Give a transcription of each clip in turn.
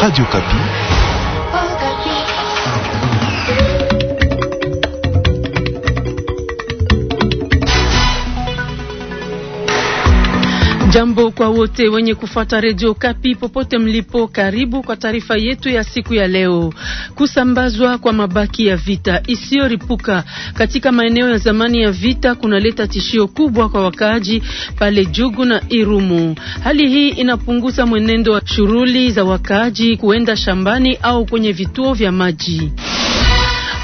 Radio Kapi. Jambo kwa wote wenye kufuata redio Kapi popote mlipo, karibu kwa taarifa yetu ya siku ya leo. Kusambazwa kwa mabaki ya vita isiyoripuka katika maeneo ya zamani ya vita kunaleta tishio kubwa kwa wakaaji pale Jugu na Irumu. Hali hii inapunguza mwenendo wa shughuli za wakaaji kuenda shambani au kwenye vituo vya maji.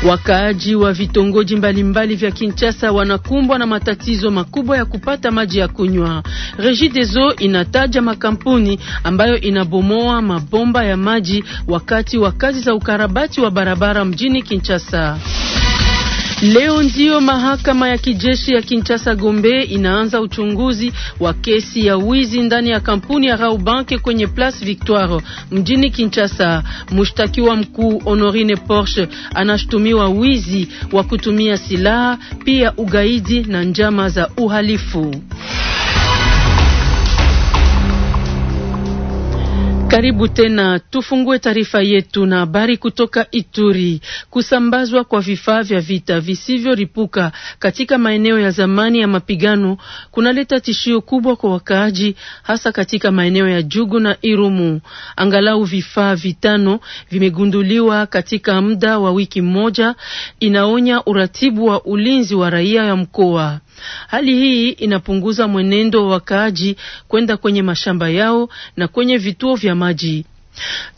Wakaaji wa vitongoji mbalimbali vya Kinshasa wanakumbwa na matatizo makubwa ya kupata maji ya kunywa. Regideso inataja makampuni ambayo inabomoa mabomba ya maji wakati wa kazi za ukarabati wa barabara mjini Kinshasa. Leo ndiyo mahakama ya kijeshi ya Kinshasa Gombe inaanza uchunguzi wa kesi ya wizi ndani ya kampuni ya Raubank kwenye Place Victoire mjini Kinshasa. Mshtakiwa mkuu Honorine Porsche anashutumiwa wizi wa kutumia silaha, pia ugaidi na njama za uhalifu. Karibu tena, tufungue taarifa yetu na habari kutoka Ituri. Kusambazwa kwa vifaa vya vita visivyoripuka katika maeneo ya zamani ya mapigano kunaleta tishio kubwa kwa wakaaji, hasa katika maeneo ya Jugu na Irumu. Angalau vifaa vitano vimegunduliwa katika muda wa wiki moja, inaonya uratibu wa ulinzi wa raia ya mkoa. Hali hii inapunguza mwenendo wa wakaaji kwenda kwenye mashamba yao na kwenye vituo vya maji.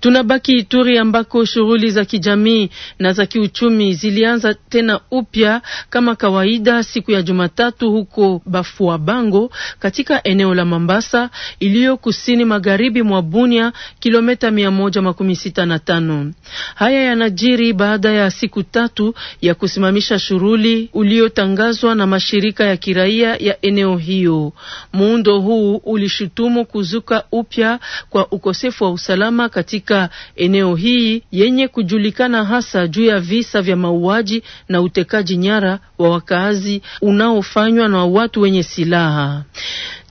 Tunabaki Ituri ambako shughuli za kijamii na za kiuchumi zilianza tena upya kama kawaida siku ya Jumatatu huko Bafua Bango katika eneo la Mambasa iliyo kusini magharibi mwa Bunia, kilomita 165. Haya yanajiri baada ya siku tatu ya kusimamisha shughuli uliotangazwa na mashirika ya kiraia ya eneo hiyo. Muundo huu ulishutumu kuzuka upya kwa ukosefu wa usalama usalama katika eneo hii yenye kujulikana hasa juu ya visa vya mauaji na utekaji nyara wa wakaazi unaofanywa na watu wenye silaha.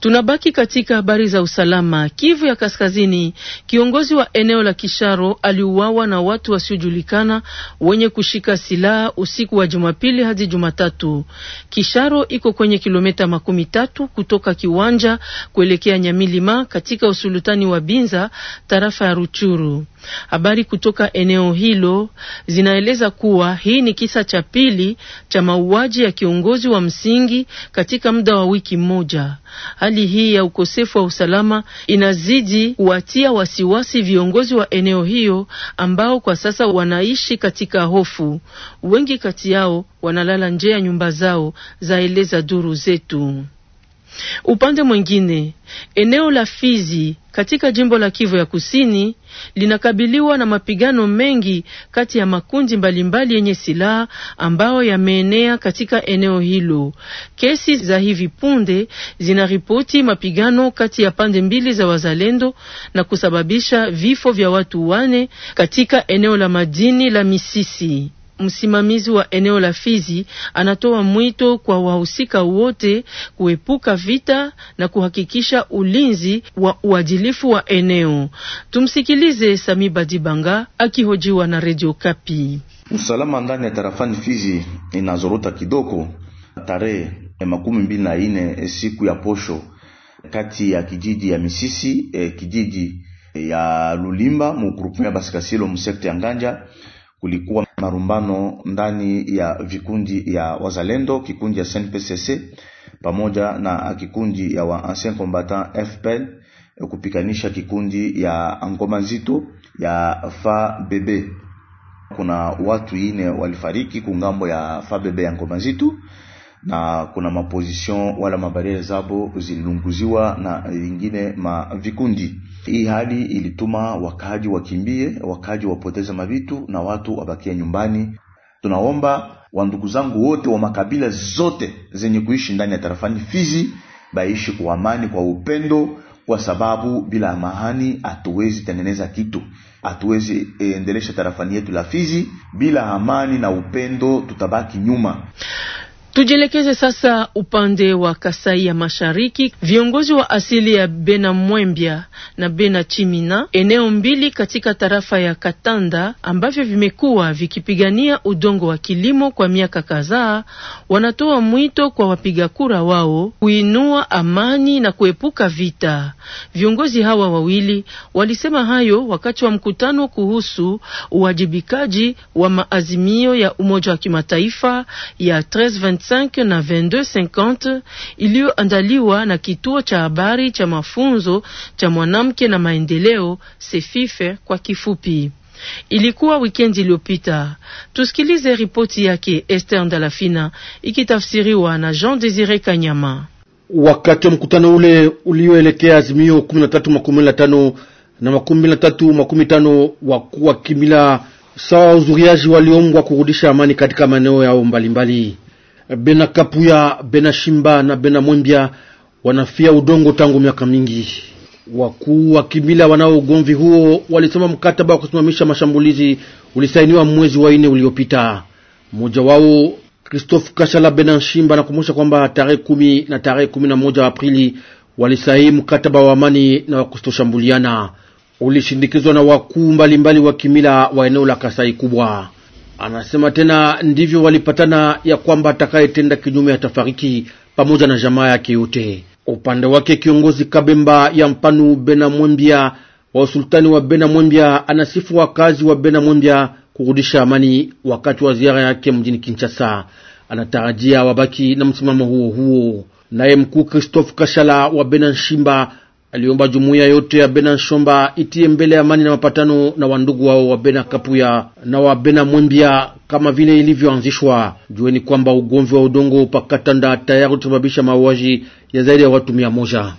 Tunabaki katika habari za usalama. Kivu ya Kaskazini, kiongozi wa eneo la Kisharo aliuawa na watu wasiojulikana wenye kushika silaha usiku wa Jumapili hadi Jumatatu. Kisharo iko kwenye kilomita makumi tatu kutoka Kiwanja kuelekea Nyamilima katika usulutani wa Binza, tarafa ya Ruchuru. Habari kutoka eneo hilo zinaeleza kuwa hii ni kisa cha pili cha mauaji ya kiongozi wa msingi katika muda wa wiki moja. Hali hii ya ukosefu wa usalama inazidi kuwatia wasiwasi viongozi wa eneo hiyo ambao kwa sasa wanaishi katika hofu. Wengi kati yao wanalala nje ya nyumba zao, zaeleza duru zetu. Upande mwingine, eneo la Fizi katika jimbo la Kivu ya Kusini linakabiliwa na mapigano mengi kati ya makundi mbalimbali yenye silaha ambayo yameenea katika eneo hilo. Kesi za hivi punde zinaripoti mapigano kati ya pande mbili za wazalendo na kusababisha vifo vya watu wane katika eneo la madini la Misisi msimamizi wa eneo la Fizi anatoa mwito kwa wahusika wote kuepuka vita na kuhakikisha ulinzi wa uadilifu wa eneo. Tumsikilize Sami Badibanga akihojiwa na Radio Kapi. Usalama ndani ya tarafani Fizi inazorota kidogo. Tarehe makumi mbili na ine eh, siku ya posho, kati ya kijiji ya Misisi eh, kijiji ya Lulimba mu ya Basikasilo mu ya Nganja kulikuwa marumbano ndani ya vikundi ya wazalendo, kikundi ya SNPCC pamoja na kikundi ya wa ancien combattant FPL kupikanisha kikundi ya ngoma nzito ya FABB. Kuna watu ine walifariki kungambo ya FABB ya ngoma nzito, na kuna maposition wala mabariere zabo zilunguziwa na vingine ma vikundi hii hali ilituma wakaaji wakimbie, wakaaji wapoteze mavitu na watu wabakie nyumbani. Tunaomba wandugu zangu wote wa makabila zote zenye kuishi ndani ya tarafani Fizi baishi kwa amani, kwa upendo, kwa sababu bila amani hatuwezi tengeneza kitu, hatuwezi eh, endelesha tarafani yetu la Fizi. Bila amani na upendo, tutabaki nyuma. Tujielekeze sasa upande wa Kasai ya Mashariki. Viongozi wa asili ya Bena Mwembya na Bena Chimina, eneo mbili katika tarafa ya Katanda ambavyo vimekuwa vikipigania udongo wa kilimo kwa miaka kadhaa, wanatoa mwito kwa wapiga kura wao kuinua amani na kuepuka vita. Viongozi hawa wawili walisema hayo wakati wa mkutano kuhusu uwajibikaji wa maazimio ya Umoja wa Kimataifa ya 13 35 na 2250 iliyoandaliwa na kituo cha habari cha mafunzo cha mwanamke na maendeleo Sefife kwa kifupi. Ilikuwa wikendi iliyopita. Tusikilize ripoti yake Esther Ndalafina ikitafsiriwa na Jean Desire Kanyama. Wakati wa mkutano ule ulioelekea azimio 1315 na 1315 wa wa kimila sawa uzuriaji waliombwa kurudisha amani katika maeneo yao mbalimbali bena kapuya bena shimba na bena mwembya wanafia udongo tangu miaka mingi. Wakuu wa kimila wanao ugomvi huo walisema mkataba wa kusimamisha mashambulizi ulisainiwa mwezi wa nne uliopita. Mmoja wao Christophe Kashala Bena Shimba nakumbusha kwamba tarehe kumi na tarehe kumi na moja Aprili walisaini mkataba wa amani na wa kutoshambuliana, ulishindikizwa na wakuu mbalimbali wa kimila wa eneo la Kasai Kubwa. Anasema tena ndivyo walipatana ya kwamba atakayetenda kinyume atafariki pamoja na jamaa yake yote. Upande wake kiongozi Kabemba ya Mpanu Bena Mwembia wa usultani wa Bena Mwembia anasifu wakazi wa Bena Mwembia kurudisha amani wakati wa ziara yake mjini Kinshasa. Anatarajia wabaki na msimamo huo huo. Naye mkuu Christophe Kashala wa Bena Nshimba aliomba jumuiya yote ya Bena Nshomba itie mbele amani na mapatano na wandugu wao wa Bena Kapuya na wa Bena Mwembia kama vile ilivyoanzishwa. Jueni kwamba ugomvi wa udongo pakatanda tayari kusababisha mauaji ya zaidi ya watu mia moja.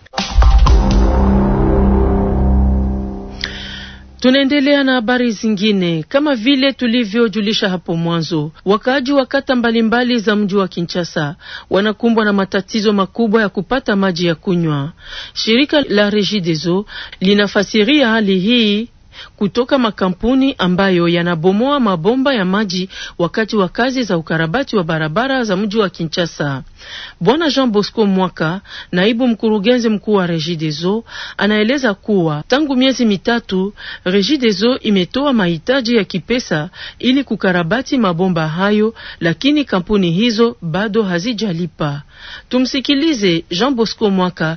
Tunaendelea na habari zingine. Kama vile tulivyojulisha hapo mwanzo, wakaaji wa kata mbalimbali za mji wa Kinshasa wanakumbwa na matatizo makubwa ya kupata maji ya kunywa. Shirika la Regideso linafasiria hali hii kutoka makampuni ambayo yanabomoa mabomba ya maji wakati wa kazi za ukarabati wa barabara za mji wa Kinshasa. Bwana Jean Bosco Mwaka, naibu mkurugenzi mkuu wa Regideso, anaeleza kuwa tangu miezi mitatu Regideso imetoa mahitaji ya kipesa ili kukarabati mabomba hayo, lakini kampuni hizo bado hazijalipa. Tumsikilize Jean Bosco Mwaka.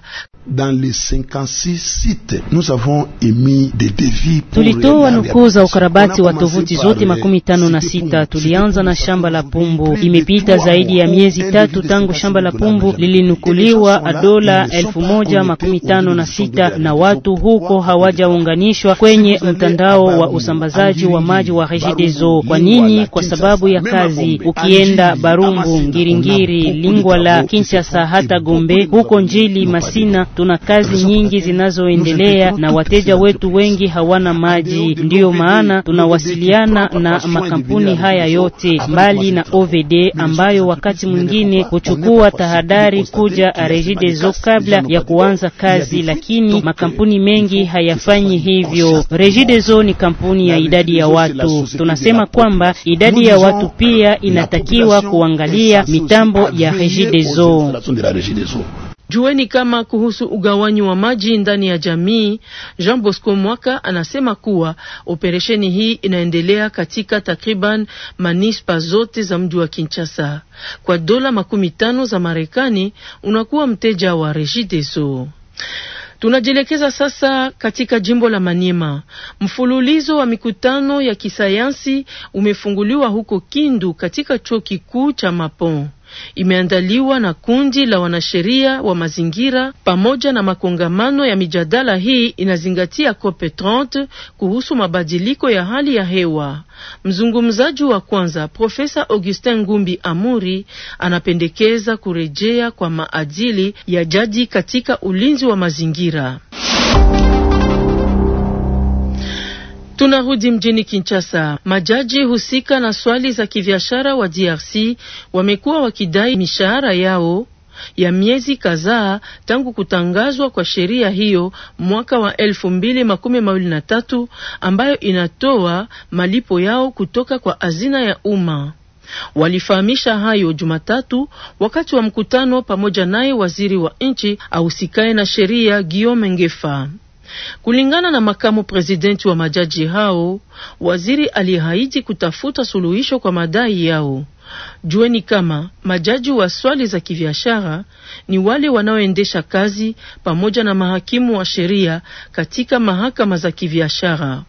Tulitoa nukuu za ukarabati wa tovuti zote makumi tano na sita. Tulianza na shamba la Pumbu, imepita zaidi ya miezi tatu tangu shamba la pumbu lilinukuliwa dola elfu moja makumi tano na sita na watu huko hawajaunganishwa kwenye mtandao wa usambazaji wa maji wa Regideso. Kwa nini? Kwa sababu ya kazi. Ukienda Barumbu, Ngiringiri, Lingwala, Kinshasa hata Gombe, huko Njili, Masina, tuna kazi nyingi zinazoendelea na wateja wetu wengi hawana maji. Ndiyo maana tunawasiliana na makampuni haya yote mbali na OVD ambayo wakati mwingine huchukua kuchukua tahadhari kuja Regideso kabla ya kuanza kazi, lakini makampuni mengi hayafanyi hivyo. Regideso ni kampuni ya idadi ya watu. Tunasema kwamba idadi ya watu pia inatakiwa kuangalia mitambo ya Regideso. Jueni kama kuhusu ugawanyi wa maji ndani ya jamii, Jean Bosco Mwaka anasema kuwa operesheni hii inaendelea katika takriban manispa zote za mji wa Kinshasa. Kwa dola makumi tano za Marekani unakuwa mteja wa Regideso. Tunajielekeza sasa katika jimbo la Maniema. Mfululizo wa mikutano ya kisayansi umefunguliwa huko Kindu katika chuo kikuu cha Mapon imeandaliwa na kundi la wanasheria wa mazingira pamoja na makongamano ya mijadala. Hii inazingatia cope 30 kuhusu mabadiliko ya hali ya hewa. Mzungumzaji wa kwanza Profesa Augustin Ngumbi Amuri anapendekeza kurejea kwa maadili ya jadi katika ulinzi wa mazingira. Tunarudi mjini Kinshasa. Majaji husika na swali za kibiashara wa DRC wamekuwa wakidai mishahara yao ya miezi kadhaa tangu kutangazwa kwa sheria hiyo mwaka wa elfu mbili makumi mawili na tatu ambayo inatoa malipo yao kutoka kwa hazina ya umma. Walifahamisha hayo Jumatatu wakati wa mkutano pamoja naye waziri wa nchi ahusikaye na sheria Guillaume Ngefa. Kulingana na makamu presidenti wa majaji hao, waziri aliahidi kutafuta suluhisho kwa madai yao. Jueni kama majaji wa swali za kibiashara ni wale wanaoendesha kazi pamoja na mahakimu wa sheria katika mahakama za kibiashara.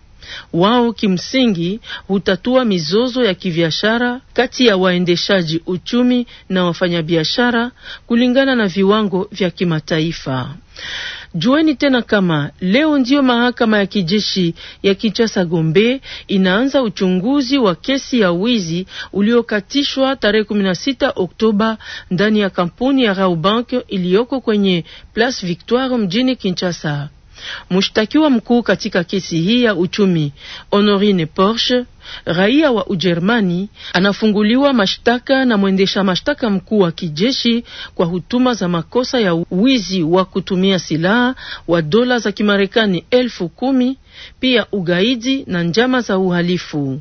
Wao kimsingi hutatua mizozo ya kibiashara kati ya waendeshaji uchumi na wafanyabiashara kulingana na viwango vya kimataifa. Jueni tena kama leo ndiyo mahakama ya kijeshi ya Kinshasa Gombe inaanza uchunguzi wa kesi ya wizi uliokatishwa tarehe 16 Oktoba ndani ya kampuni ya bank iliyoko kwenye Place Victoire mjini Kinshasa. Mshtakiwa mkuu katika kesi hii ya uchumi Honorine Porsche raia wa Ujerumani anafunguliwa mashtaka na mwendesha mashtaka mkuu wa kijeshi kwa hutuma za makosa ya wizi wa kutumia silaha wa dola za Kimarekani elfu kumi, pia ugaidi na njama za uhalifu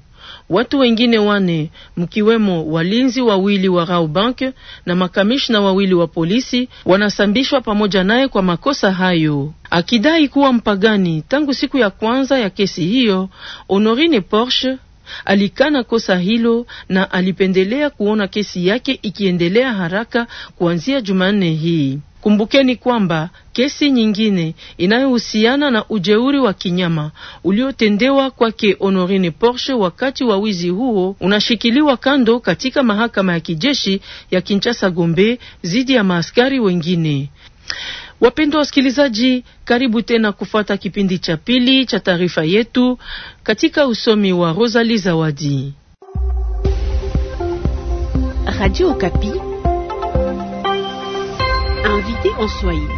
watu wengine wane mkiwemo walinzi wawili wa bank na makamishna wawili wa polisi wanasambishwa pamoja naye kwa makosa hayo, akidai kuwa mpagani tangu siku ya kwanza ya kesi hiyo. Honorine Porsche alikana kosa hilo na alipendelea kuona kesi yake ikiendelea haraka kuanzia Jumanne hii. Kumbukeni kwamba kesi nyingine inayohusiana na ujeuri wa kinyama uliotendewa kwake Honorine Porsche wakati wa wizi huo unashikiliwa kando katika mahakama ya kijeshi ya Kinshasa Gombe dhidi ya maaskari wengine. Wapendwa wasikilizaji, karibu tena kufuata kipindi cha pili cha taarifa yetu katika usomi wa Rosalie Zawadi. Radio Kapi. Invité en Swahili.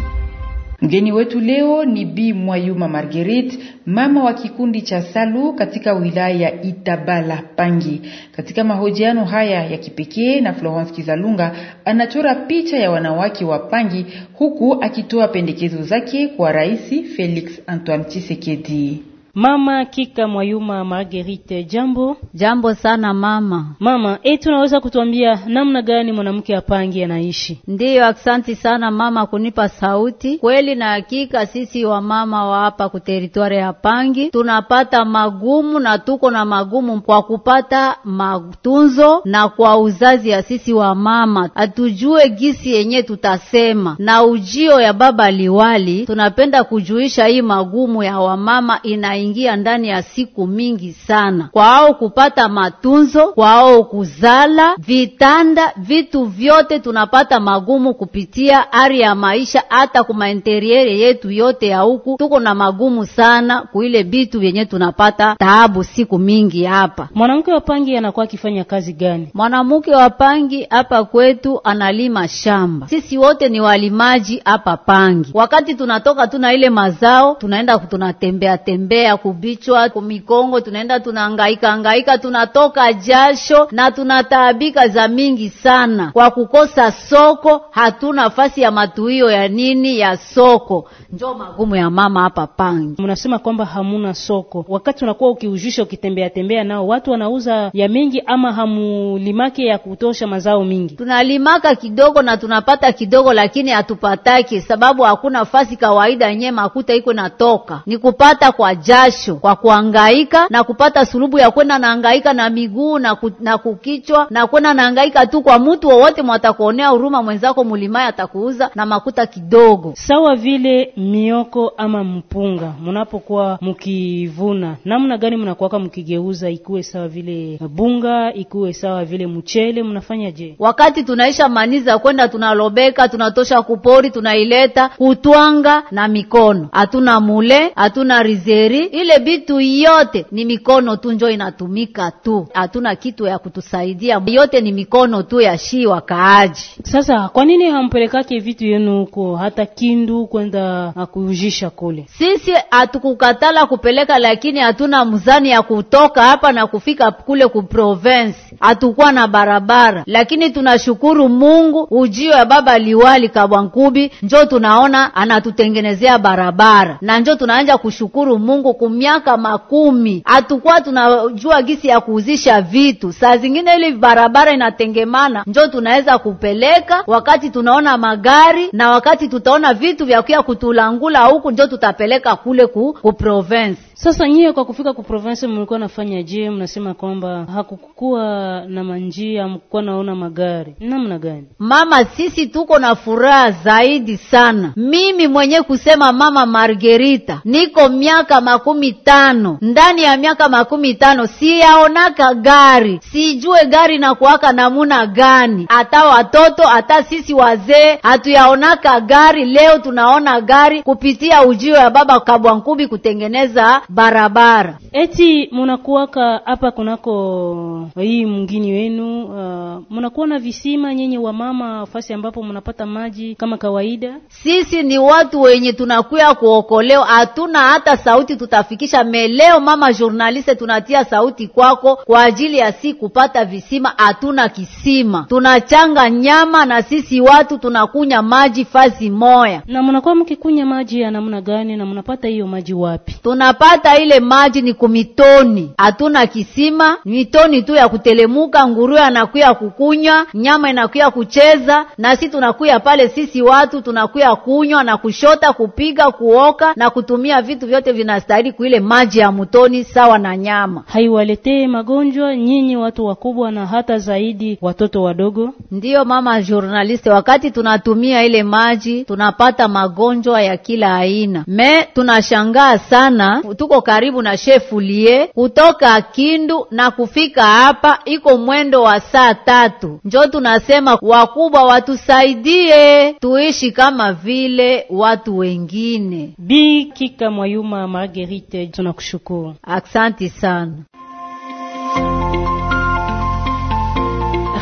Mgeni wetu leo ni Bi Mwayuma Marguerite, mama wa kikundi cha Salu katika wilaya ya Itabala Pangi. Katika mahojiano haya ya kipekee na Florence Kizalunga, anachora picha ya wanawake wa Pangi huku akitoa pendekezo zake kwa Rais Felix Antoine Tshisekedi. Mama Kika Mwayuma Marguerite, jambo jambo sana mama. Mama eti eh, unaweza kutuambia namna gani mwanamke apangi anaishi? Ndiyo, aksanti sana mama kunipa sauti. Kweli na hakika sisi wamama wa hapa ku teritwari ya Pangi tunapata magumu na tuko na magumu kwa kupata matunzo na kwa uzazi ya sisi wamama, hatujue gisi yenye tutasema na ujio ya baba liwali, tunapenda kujuisha hii magumu ya wamama ina wanaingia ndani ya siku mingi sana, kwao kupata matunzo, kwao kuzala, vitanda, vitu vyote tunapata magumu kupitia ari ya maisha. Hata interiere yetu yote ya huku tuko na magumu sana kuile bitu vyenye tunapata taabu siku mingi hapa. Mwanamke wa Pangi anakuwa akifanya kazi gani? Mwanamke wa Pangi hapa kwetu analima shamba, sisi wote ni walimaji hapa Pangi. Wakati tunatoka tuna ile mazao, tunaenda tunatembea tembea ya kubichwa mikongo, tunaenda tunahangaika hangaika, tunatoka jasho na tunataabika za mingi sana kwa kukosa soko. Hatuna nafasi ya matuio ya nini ya soko, njo magumu ya mama hapa Pangi. Mnasema kwamba hamuna soko, wakati unakuwa ukiujisha ukitembea tembea nao watu wanauza ya mingi, ama hamulimake ya kutosha mazao mingi? Tunalimaka kidogo na tunapata kidogo, lakini hatupatake sababu hakuna fasi kawaida yenyewe makuta iko natoka ni kupata kwa ja jasho kwa kuangaika na kupata sulubu ya kwenda naangaika na miguu na, ku, na kukichwa na kwenda naangaika tu kwa mtu wowote mwatakuonea huruma mwenzako mulimaya atakuuza na makuta kidogo, sawa vile mioko ama mpunga. Mnapokuwa mkivuna, namna gani mnakuwaka mkigeuza ikuwe sawa vile bunga, ikuwe sawa vile mchele, mnafanya je? Wakati tunaisha maniza kwenda tunalobeka, tunatosha kupori, tunaileta kutwanga na mikono, hatuna mule, hatuna rizeri ile bitu yote ni mikono tu njo inatumika tu, hatuna kitu ya kutusaidia, yote ni mikono tu ya shi wakaaji. Sasa kwa nini hampelekake vitu yenu huko hata Kindu kwenda kujisha kule? Sisi hatukukatala kupeleka, lakini hatuna mzani ya kutoka hapa na kufika kule ku province hatukuwa na barabara, lakini tunashukuru Mungu ujio ya baba liwali Kabwankubi njo tunaona anatutengenezea barabara, na njo tunaanja kushukuru Mungu. Kumiaka makumi hatukuwa tunajua gisi ya kuuzisha vitu, saa zingine ili barabara inatengemana njo tunaweza kupeleka, wakati tunaona magari na wakati tutaona vitu vya kuya kutulangula huku, njo tutapeleka kule ku, ku province. Sasa nyie kwa kufika ku province mlikuwa nafanya je? Mnasema kwamba hakukuwa na manjia, mkuwa naona magari namna gani? Mama, sisi tuko na furaha zaidi sana. Mimi mwenye kusema mama Margerita, niko miaka makumi tano, ndani ya miaka makumi tano siyaonaka gari, sijue gari na kuwaka namuna gani, hata watoto hata sisi wazee hatuyaonaka gari. Leo tunaona gari kupitia ujio ya baba Kabwankubi kutengeneza barabara. Eti munakuwaka hapa kunako hii mngini wenu uh, munakuwa na visima nyenye wa mama fasi ambapo munapata maji kama kawaida? Sisi ni watu wenye tunakuya kuokolewa, hatuna hata sauti tutafikisha meleo. Mama journaliste, tunatia sauti kwako kwa ajili ya si kupata visima. Hatuna kisima, tunachanga nyama na sisi watu tunakunya maji fasi moya. Na munakuwa mkikunya maji ya namna gani na munapata hiyo maji wapi? tunapata hata ile maji ni kumitoni, hatuna kisima, mitoni tu ya kutelemuka. Nguruwe anakuya kukunywa, nyama inakuya kucheza, na si tunakuya pale, sisi watu tunakuya kunywa na kushota, kupiga, kuoka na kutumia vitu vyote vinastahili kuile maji ya mtoni, sawa na nyama. Haiwaletee magonjwa nyinyi watu wakubwa, na hata zaidi watoto wadogo. Ndiyo mama journaliste, wakati tunatumia ile maji tunapata magonjwa ya kila aina, me tunashangaa sana tuko karibu na shefulie kutoka Kindu na kufika hapa iko mwendo wa saa tatu. Njo tunasema wakubwa watusaidie tuishi kama vile watu wengine. Bi Kika Mwayuma Margerite, tunakushukuru, aksanti sana.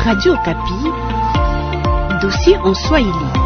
Radio Kapi, dossier en Swahili.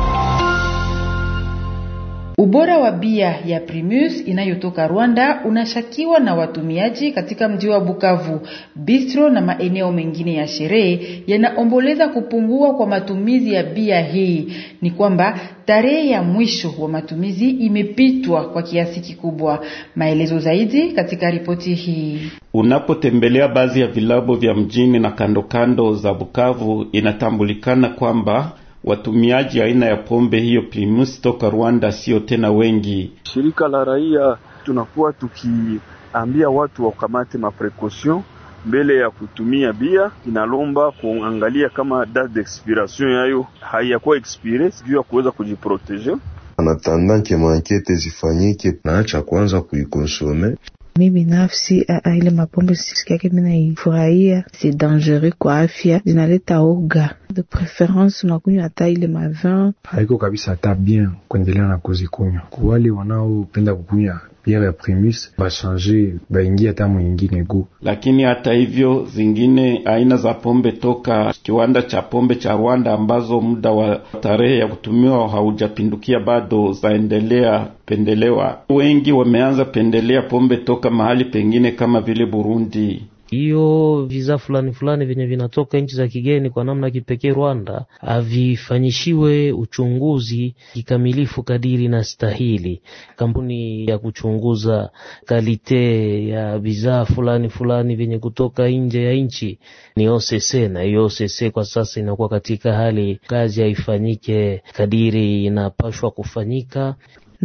Ubora wa bia ya Primus inayotoka Rwanda unashakiwa na watumiaji katika mji wa Bukavu. Bistro na maeneo mengine ya sherehe yanaomboleza kupungua kwa matumizi ya bia hii. Ni kwamba tarehe ya mwisho wa matumizi imepitwa kwa kiasi kikubwa. Maelezo zaidi katika ripoti hii. Unapotembelea baadhi ya vilabu vya mjini na kandokando kando za Bukavu, inatambulikana kwamba watumiaji aina ya pombe hiyo primus toka Rwanda sio tena wengi. Shirika la raia tunakuwa tukiambia watu wakamate maprecaution mbele ya kutumia bia, inalomba kuangalia kama date d'expiration yayo haiyakuwa expire juu ya kuweza kujiproteje anatanda nke mankete zifanyike naacha kwanza kuikonsome Mi binafsi ile mapombe siku yake mi naifurahia, si dangereux kwa afya, zinaleta oga de preference unakunywa hata ile mavin haiko kabisa, hata bien kuendelea na kuzikunywa. Kwa wale wanaopenda kukunywa Pierre ya Primus bashange baingie hata mwingine gu. Lakini hata hivyo, zingine aina za pombe toka kiwanda cha pombe cha Rwanda ambazo muda wa tarehe ya kutumiwa haujapindukia bado zaendelea pendelewa. Wengi wameanza pendelea pombe toka mahali pengine kama vile Burundi hiyo viza fulani fulani vyenye vinatoka nchi za kigeni kwa namna kipekee Rwanda havifanyishiwe uchunguzi kikamilifu kadiri na stahili. Kampuni ya kuchunguza kalite ya viza fulani fulani vyenye kutoka nje ya nchi ni OCC, na hiyo OCC kwa sasa inakuwa katika hali kazi haifanyike kadiri inapashwa kufanyika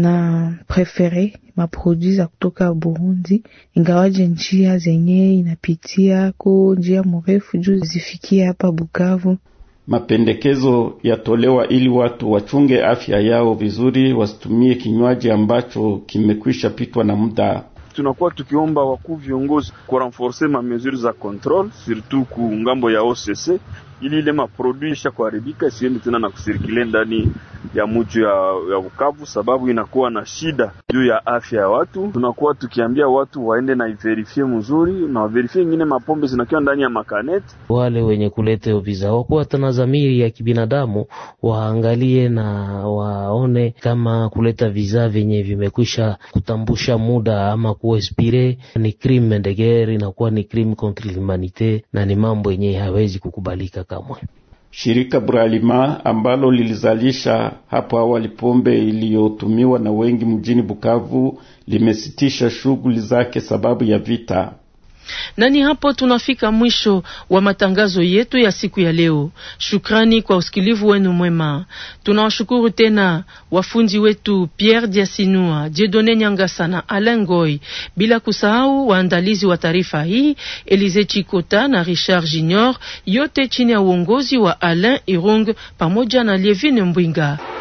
na prefere maproduits za kutoka Burundi, ingawaje njia zenye inapitia ko njia mrefu juu zifikie hapa Bukavu. Mapendekezo yatolewa ili watu wachunge afya yao vizuri, wasitumie kinywaji ambacho kimekwisha pitwa na muda. Tunakuwa tukiomba wakuu viongozi kurenforce ma za control surtout ku ngambo ya OCC ili ile maprodui isha kuharibika isiende tena na kusirikile ndani ya mji ya, ya Bukavu, sababu inakuwa na shida juu ya afya ya watu. Tunakuwa tukiambia watu waende na iverifie mzuri na waverifie ingine, mapombe zinakiwa ndani ya makaneti. Wale wenye kuleta hiyo visa wakuwa tana zamiri ya kibinadamu, waangalie na waone kama kuleta visa vyenye vimekwisha kutambusha muda ama kuespire ni crime ndegeri, inakuwa ni crime contre l'humanité na ni mambo yenye hawezi kukubalika kamwe. Shirika Bralima ambalo lilizalisha hapo awali pombe iliyotumiwa na wengi mjini Bukavu limesitisha shughuli zake sababu ya vita. Nani hapo tunafika mwisho wa matangazo yetu ya siku ya leo. Shukrani kwa usikilivu wenu mwema. Tunawashukuru tena wafundi wetu Pierre Diasinua, Jedone Nyangasa na Alain Goy, bila kusahau waandalizi wa taarifa hii Elize Chikota na Richard Junior, yote chini ya uongozi wa Alain Irung pamoja na Lievine Mbwinga.